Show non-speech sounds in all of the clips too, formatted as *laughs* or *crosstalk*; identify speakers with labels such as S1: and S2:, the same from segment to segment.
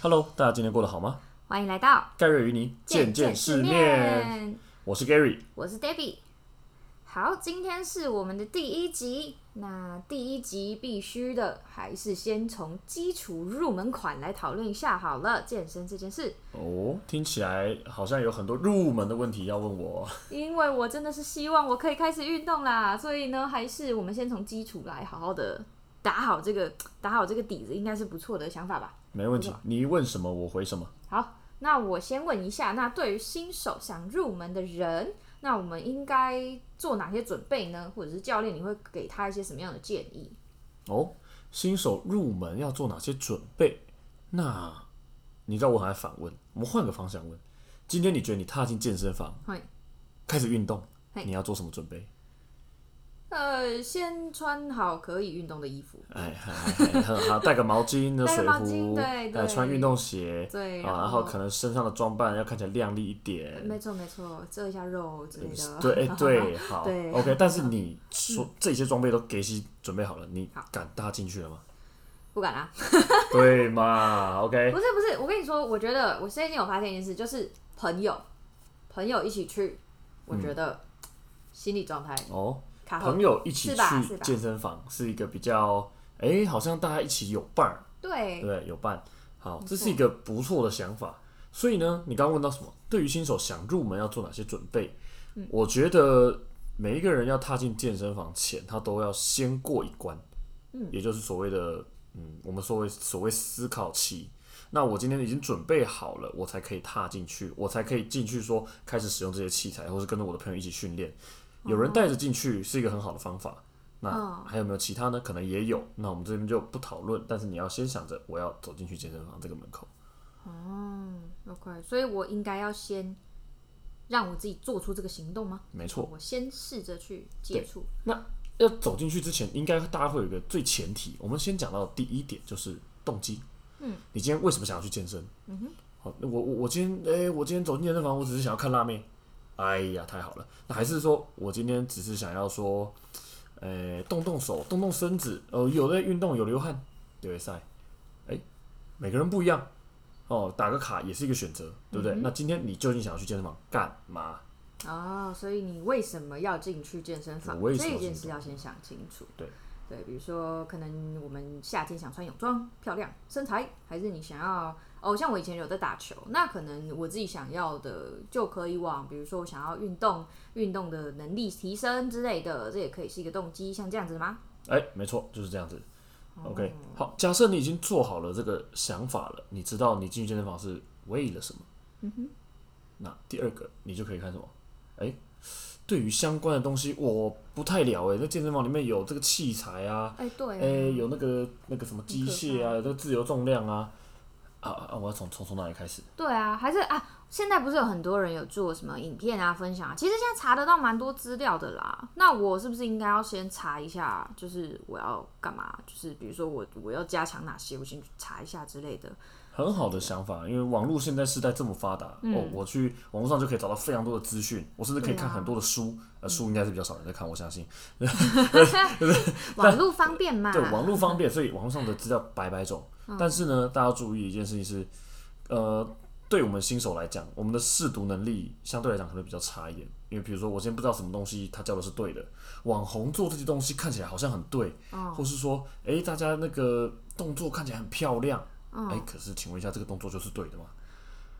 S1: Hello，大家今天過得好嗎？
S2: 歡迎來到
S1: 蓋瑞與你見見世面，世面。我是 Gary，
S2: 我是 Debbie。好，今天是我們的第一集。那第一集必須的，還是先從基礎入門款來討論一下好了，健身這件事。
S1: 哦，聽起來好像有很多入門的問題要問我。
S2: 因為我真的是希望我可以開始運動啦，所以呢，還是我們先從基礎來好好的打好這個打好這個底子，應該是不錯的想法吧。
S1: 沒問題，你問什麼我回什麼。
S2: 好，那我先問一下，那對於新手想入門的人，那我們應該做哪些準備呢？或者是教練，你會給他一些什麼樣的建議？
S1: 哦，新手入門要做哪些準備？那你知道我很愛反問，我們換個方向問。今天你覺得你踏進健身房，開始運動，你要做什麼準備？
S2: 呃，先穿好可以運動的衣服。
S1: 哎，好，好，帶個毛巾，的水壺，對，對，對，穿運動鞋，對然、啊，然後可能身上的裝扮要看起來靚麗一點。
S2: 沒錯，沒錯，遮一下肉之類的。對，對，對對好，對，好對，好對好，OK 對。
S1: 但是你、嗯、說這些裝備都給你準備好了，你敢搭進去了嗎？
S2: 不敢啊。
S1: *laughs* 對嘛，OK。不是，
S2: 不是，我跟你說，我覺得我現在已經有發現一件事，就是朋友，朋友一起去，我覺得、嗯、心理狀態哦。朋友一起去健
S1: 身房是，是，是一個比較，哎、欸，好像大家一起有伴兒，
S2: 對對，
S1: 對，有伴。好，這是一個不錯的想法。所以呢，你剛剛問到什麼？對於新手想入門要做哪些準備、嗯？我覺得每一個人要踏進健身房前，他都要先過一關，嗯，也就是所謂的，嗯，我們所謂所謂思考期。那我今天已經準備好了，我才可以踏進去，我才可以進去說開始使用這些器材，或是跟着我的朋友一起訓練。有人帶着進去是一個很好的方法。哦，那還有沒有其他呢？可能也有。那我們這邊就不討論。但是你要先想着我要走進去健身房這個門口。
S2: 哦，OK。所以，我應該要先讓我自己做出這個行動嗎？沒錯。我先試着去接觸。
S1: 那要走進去之前，應該大家會有一個最前提。我們先講到第一點，就是動機。嗯。你今天為什麼想要去健身？嗯哼。好，那我我我今天誒、欸，我今天走進健身房，我只是想要看辣妹。哎呀，太好了！那還是說我今天只是想要說，呃、欸，動動手，動動身子，哦、呃，有的運動有流汗，對不對？哎、欸，每個人不一樣，哦，打個卡也是一個選擇，對不對、嗯？那今天你究竟想要去健身房幹嘛？
S2: 哦，所以你為什麼要進去健身房？為什麼？這件事要先想清楚。對。對，比如說，可能我們夏天想穿泳裝，漂亮，身材，還是你想要？哦，像我以前有在打球，那可能我自己想要的就可以往，比如說我想要運動，運動的能力提升之類的，這也可以是一個動機，像這樣子嗎？
S1: 哎，沒錯，就是這樣子。OK，哦。好，假設你已經做好了這個想法了，你知道你進去健身房是為了什麼？嗯
S2: 哼。
S1: 那第二個，你就可以看什麼？哎。對於相關的東西，我不太了解。在健身房裡面有這個器材啊，哎、
S2: 對、欸欸，有
S1: 那個那個什麼機械啊，有這個自由重量啊，啊啊！我要從從從哪裡開始？
S2: 對啊，還是啊，現在不是有很多人有做什麼影片啊分享啊？其實現在查得到蠻多資料的啦。那我是不是應該要先查一下？就是我要幹嘛？就是比如說我我要加強哪些？我先去查一下之類的。
S1: 很好的想法，因為網絡現在時代這麼發達，我、嗯哦、我去網絡上就可以找到非常多的資訊、嗯，我甚至可以看很多的書，啊、呃，書應該是比較少人在看，我相信。
S2: 對、嗯、 *laughs* *laughs* 網絡方便嘛？ *laughs* 對，網
S1: 絡方便，所以網絡上的資料百百種、哦。但是呢，大家要注意一件事情是，呃，對我們新手來講，我們的試讀能力相對來講可能比較差一點，因為比如說我今天不知道什麼東西他教的是對的，網紅做這些東西看起來好像很對，哦、或是說，誒，大家那個動作看起來很漂亮。哎、欸，可是，請問一下，這個動作就是對的嗎？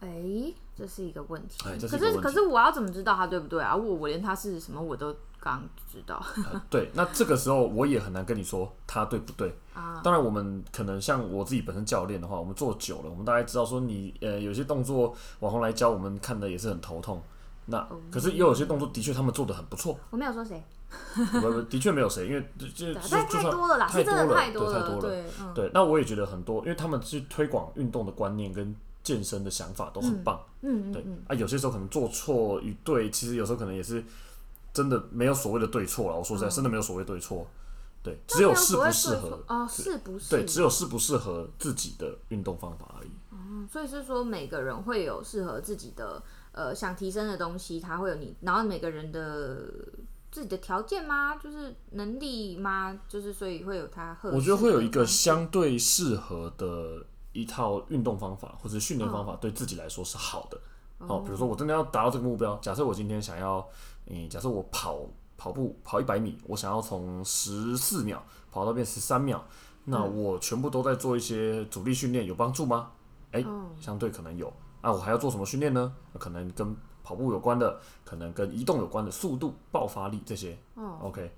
S2: 哎、欸欸，這是一個問題。可是，可是我要怎麼知道他對不對啊？我我連他是什麼我都剛知道、 *laughs* 呃。
S1: 對，那這個時候我也很難跟你說他對不對啊。當然，我們可能像我自己本身教練的話，我們做久了，我們大概知道說你呃有些動作網紅來教我們看的也是很頭痛。那可是又有些動作的確，他們做得很不錯。
S2: 我沒有說誰，
S1: *laughs* 不不，的確沒有誰，因為就，就算太多了啦，太多了，是真的太多了，對，太多了對、嗯、對，那我也覺得很多，因為他們去推廣運動的觀念跟健身的想法都很棒，嗯嗯，嗯，嗯，對啊。有些時候可能做錯與對，其實有時候可能也是真的沒有所謂的對錯了。我說實在，嗯、真的沒有所謂對錯，對，只有適不適合哦，適不適對？對，只有適不適合自己的運動方法而已。嗯，
S2: 所以是說每個人會有適合自己的。呃，想提升的東西，它會有你，然後每個人的自己的條件嗎？就是能力嗎？就是所以會有它合適。我覺得
S1: 會有一個相對適合的一套運動方法或者訓練方法，哦、對自己來說是好的。哦、好，比如說我真的要達到這個目標，假設我今天想要，嗯，假設我跑跑步跑一百米，我想要從十四秒跑到變十三秒，嗯、那我全部都在做一些阻力訓練，有幫助嗎？
S2: 欸哦、
S1: 相對可能有。那，啊，我還要做什麼訓練呢？可能跟跑步有關的，可能跟移動有關的速度、爆發力這些。哦，OK，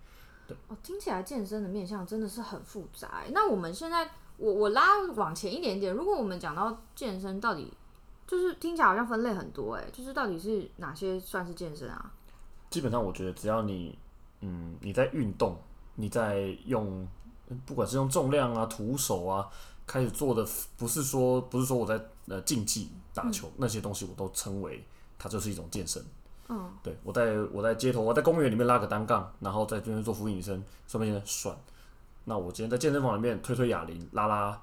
S2: 對。哦，聽起來健身的面向真的是很複雜。那我們現在，我我拉往前一點點，如果我們講到健身，到底就是聽起來好像分類很多誒，就是到底是哪些算是健身啊？
S1: 基本上我覺得只要你，嗯，你在運動，你在用，不管是用重量啊、徒手啊。開始做的，不是說不是說我在呃競技打球、嗯、那些東西我都稱為它就是一種健身，嗯，對我在我在街頭，我在公園裡面拉個單槓，然後在中間做俯臥撐，算不算、嗯？算。那我今天在健身房裡面推推啞鈴，拉拉，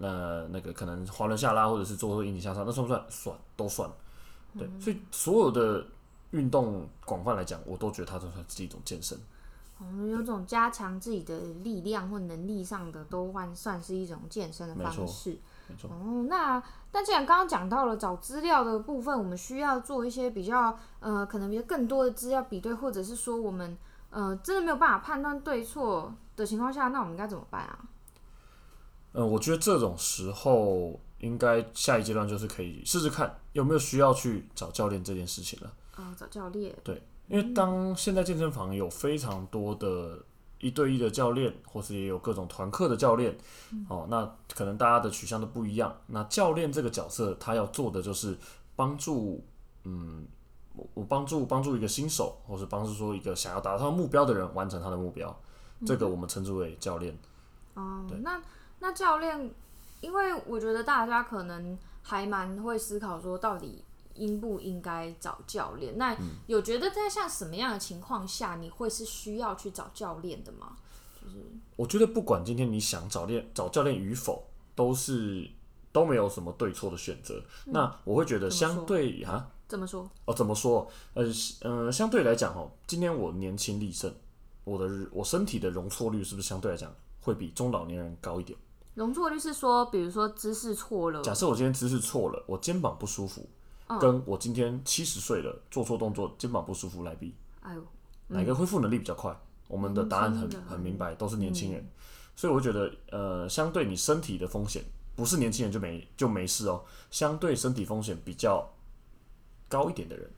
S1: 呃那個可能滑輪下拉，或者是做做引體向上，那算不算？算，都算。對，嗯、所以所有的運動廣泛來講，我都覺得它都算是一種健身。
S2: 嗯、有種加強自己的力量或能力上的，都算是一種健身的方式。沒錯，哦、嗯，那但既然剛剛講到了找資料的部分，我們需要做一些比較，呃，可能比較更多的資料比對，或者是說我們呃真的沒有辦法判斷對錯的情況下，那我們應該怎麼辦啊？嗯、
S1: 呃，我覺得這種時候，應該下一階段就是可以試試看有沒有需要去找教練這件事情了。啊、嗯，找教練。對。因為當現在健身房有非常多的一對一的教練，或是也有各種團課的教練，嗯，哦，那可能大家的取向都不一樣。那教練這個角色，他要做的就是幫助，嗯，我幫助幫助一個新手，或是幫助說一個想要達到他目標的人完成他的目標，嗯，這個我們稱之為教練。哦，
S2: 對，那那教練，因為我覺得大家可能還蠻會思考說，到底。應不應該找教練？那有覺得在像什麼樣的情況下、嗯、你會是需要去找教練的嗎？就是
S1: 我覺得不管今天你想找練找教練與否，都是都沒有什麼對錯的選擇。嗯、那我會覺得相對哈、啊，怎麼說？哦，怎麼說？呃，呃，相對來講哦，今天我年輕力盛，我的我身體的容錯率是不是相對來講會比中老年人高一點？
S2: 容錯率是說，比如說姿勢錯了，假設我
S1: 今天姿勢錯了，我肩膀不舒服。跟我今天七十歲了做錯動作肩膀不舒服來比，
S2: 哎呦、嗯、哪個恢
S1: 復能力比較快，嗯？我們的答案很、嗯、很明白，都是年輕人，嗯。所以我覺得，呃，相對你身體的風險，不是年輕人就沒就沒事哦。相對身體風險比較高一點的人，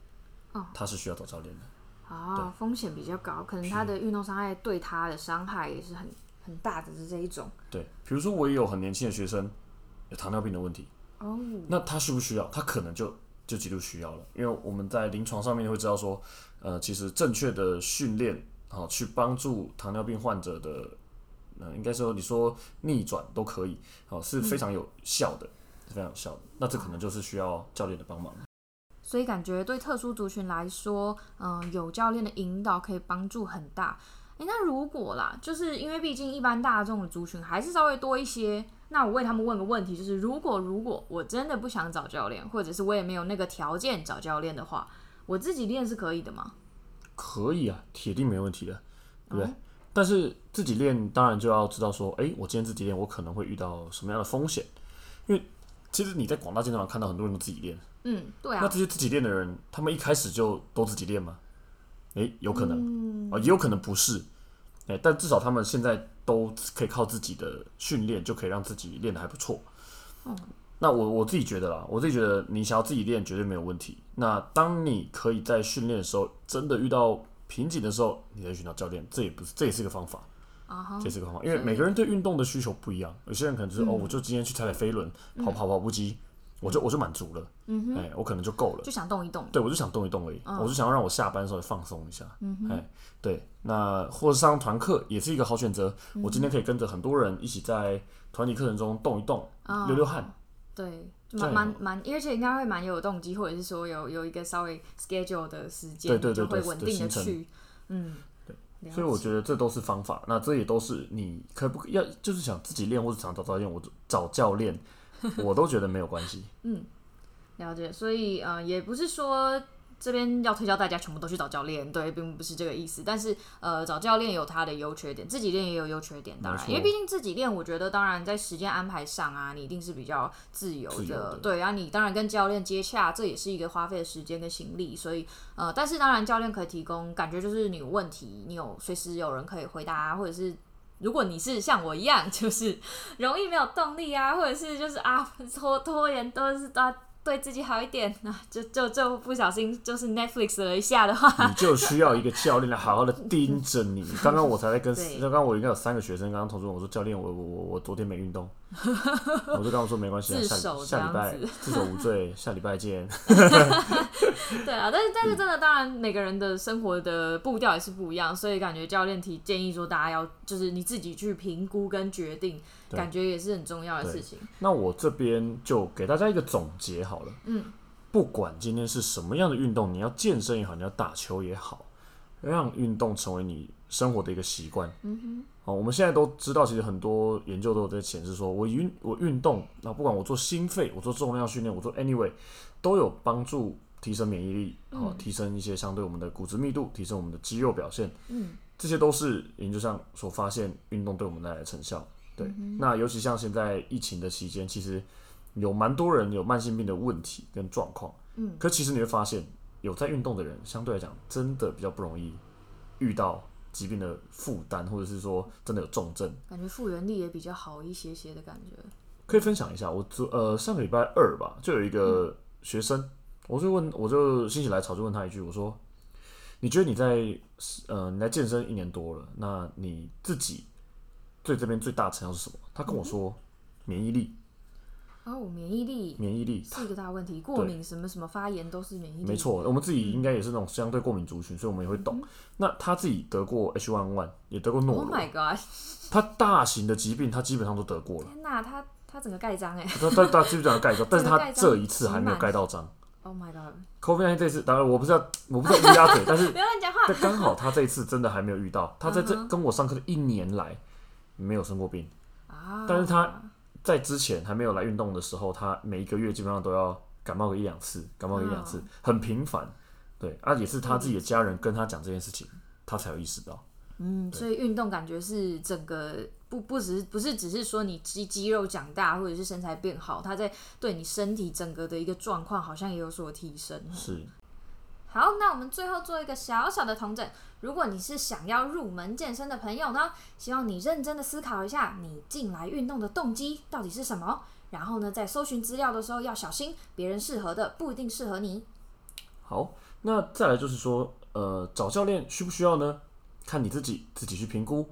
S1: 哦、他是需要找教練的。
S2: 啊、哦，風險比較高，可能他的運動傷害對他的傷害也是很很大的，是這一種。
S1: 對，比如說我也有很年輕的學生有糖尿病的問題哦，那他需不需要？他可能就。就極度需要了，因為我們在臨床上面會知道說，呃，其實正確的訓練，好、喔、去幫助糖尿病患者的，呃、應該說你說逆轉都可以，好、喔、是非常有效的，是、嗯、非常有效的。那這可能就是需要教練的幫忙、嗯。
S2: 所以感覺對特殊族群來說，嗯、呃，有教練的引導可以幫助很大、欸。那如果啦，就是因為畢竟一般大眾的族群還是稍微多一些。那我為他們問個問題，就是如果如果我真的不想找教練，或者是我也沒有那個條件找教練的話，我自己練是可以的嗎？
S1: 可以啊，鐵定沒問題的，對不對、嗯？但是自己練當然就要知道說，哎、欸，我今天自己練，我可能會遇到什麼樣的風險？因為其實你在廣大健身房看到很多人都自己練，嗯，對啊。那這些自己練的人，他們一開始就都自己練嗎？哎、欸，有可能、嗯，啊，也有可能不是，哎、欸，但至少他們現在。都可以靠自己的訓練，就可以讓自己練得還不錯、嗯。那我我自己覺得啦，我自己覺得你想要自己練，絕對沒有問題。那當你可以在訓練的時候，真的遇到瓶頸的時候，你再尋找教練，這也不是這也是一個方法。
S2: 這、uh -huh, 是
S1: 個方法，因為每個人對運動的需求不一樣，有些人可能說、就是：‘是、嗯、哦，我就今天去踩踩飛輪，跑跑跑步機。嗯嗯我就我就滿足了，哎、嗯欸，我可能就夠了，就
S2: 想動一動，對，我就
S1: 想動一動而已、哦，我就想要讓我下班的時候放鬆一下，哎、嗯欸，對，那或者上團課也是一個好選擇、嗯嗯，我今天可以跟着很多人一起在團體課程中動一動、
S2: 哦，流流汗，對，蠻蠻蠻，而且應該會蠻有動機，或者是說有有一個稍微 schedule 的時間，對對對，對，對，就會穩定的去，嗯，對，所以我
S1: 覺得這都是方法，嗯、那這也都是你可不要就是想自己練、嗯，或者想找教練，我找教練。我都覺得沒有關係， *laughs* 嗯，
S2: 了解，所以呃，也不是說這邊要推銷大家全部都去找教練，對，並不是這個意思。但是呃，找教練有他的優缺點，自己練也有優缺點，當然，因為畢竟自己練，我覺得當然在時間安排上啊，你一定是比較自由的，自由，對。對啊，你當然跟教練接洽，這也是一個花費的時間跟心力。所以呃，但是當然，教練可以提供感覺就是你有問題，你有隨時有人可以回答，或者是。如果你是像我一樣，就是容易沒有動力啊，或者是就是啊拖拖延都是都要、啊對自己好一點啊！就就就不小心就是 Netflix 了一下的話，你就需
S1: 要一個教練來好好的盯着你。 *laughs* 剛剛我才在跟，剛剛我應該有三個學生，剛剛同學我說教練，我我我我昨天沒運動， *laughs*
S2: 我就跟我說沒關係，下下禮拜這 *laughs* 自首
S1: 無罪，下禮拜見。
S2: *laughs* *laughs* 對啊，但是但是真的，當然、嗯、每個人的生活的步調也是不一樣，所以感覺教練提建議說大家要就是你自己去評估跟決定。感覺也是很重要的事情。
S1: 那我這邊就給大家一個總結好了。嗯，不管今天是什麼樣的運動，你要健身也好，你要打球也好，讓運動成為你生活的一個習慣。嗯哼。好，我們現在都知道，其實很多研究都有在顯示說，說我運我運動，那不管我做心肺，我做重量訓練，我做 anyway，都有幫助提升免疫力，好，提升一些相對我們的骨質密度，提升我們的肌肉表現。嗯，這些都是研究上所發現運動對我們帶來的成效。那尤其像現在疫情的期間，其實有蠻多人有慢性病的問題跟狀況。嗯，可其實你會發現，有在運動的人，相對來講，真的比較不容易遇到疾病的負擔，或者是說真的有重症，
S2: 感覺復原力也比較好一些些的感覺。
S1: 可以分享一下，我昨呃上個禮拜二吧，就有一個學生，嗯、我就問，我就心血來潮就問他一句，我說：“你覺得你在呃你在健身一年多了，那你自己？”最這邊最大成效是什麼？他跟我說，免疫力。
S2: 哦，免疫力，
S1: 免疫力是一
S2: 個大問題。過敏什麼什麼發炎都是免疫力。沒錯，
S1: 我們自己應該也是那種相對過敏族群，所以我們也會懂。嗯嗯那他自己得過 H1N1，也得過諾。Oh my god！他大型的疾病他基本上都得過了。
S2: 天吶、啊，他他整個蓋章誒、欸。他他他
S1: 基本上蓋章、欸， *laughs* 但是他這一次還沒有蓋到章。
S2: 章
S1: oh my god！COVID-19 這一次當然我不知道，我不知道烏鴉嘴，但是不要亂講話。但剛好他這一次真的還沒有遇到。他在這、uh-huh、跟我上課的一年來。沒有生過病，但是他在之前還沒有來運動的時候，他每一個月基本上都要感冒個一兩次，感冒個一兩次，很頻繁。對，而、啊、且是他自己的家人跟他講這件事情，他才有意識到。嗯，
S2: 所以運動感覺是整個不不只是不是只是說你肌肌肉長大或者是身材變好，他在對你身體整個的一個狀況好像也有所提升。是。好，那我們最後做一個小小的統整。如果你是想要入門健身的朋友呢，希望你認真的思考一下，你進來運動的動機到底是什麼。然後呢，在搜尋資料的時候要小心，別人適合的不一定適合你。
S1: 好，那再來就是說，呃，找教練需不需要呢？看你自己，自己去評估。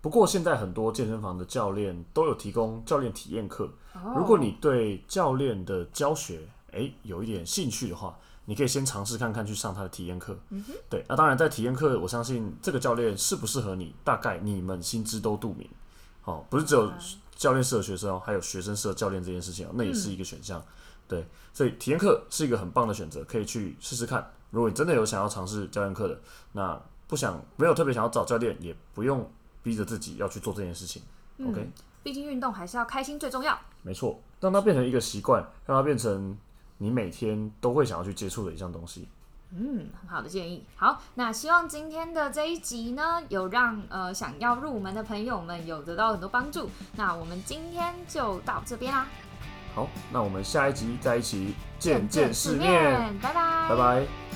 S1: 不過現在很多健身房的教練都有提供教練體驗課，oh. 如果你對教練的教學哎、欸、有一點興趣的話。你可以先嘗試看看去上他的體驗課，嗯，對。那，啊、當然，在體驗課，我相信這個教練適不適合你，大概你們心知都肚明，好，哦，不是只有教練適合學生哦，還有學生適合教練這件事情，哦，那也是一個選項，嗯。對，所以體驗課是一個很棒的選擇，可以去試試看。如果你真的有想要嘗試教練課的，那不想，沒有特別想要找教練，也不用逼着自己要去做這件事情。嗯
S2: ，OK，畢竟運動還是要開心最重要。
S1: 沒錯，讓它變成一個習慣，讓它變成。你每天都會想要去接觸的一項東西。
S2: 嗯，很好的建議。好，那希望今天的這一集呢，有讓呃想要入門的朋友們有得到很多幫助。那我們今天就到這邊啦。
S1: 好，那我們下一集再一起見見，見見世面。拜拜，拜拜。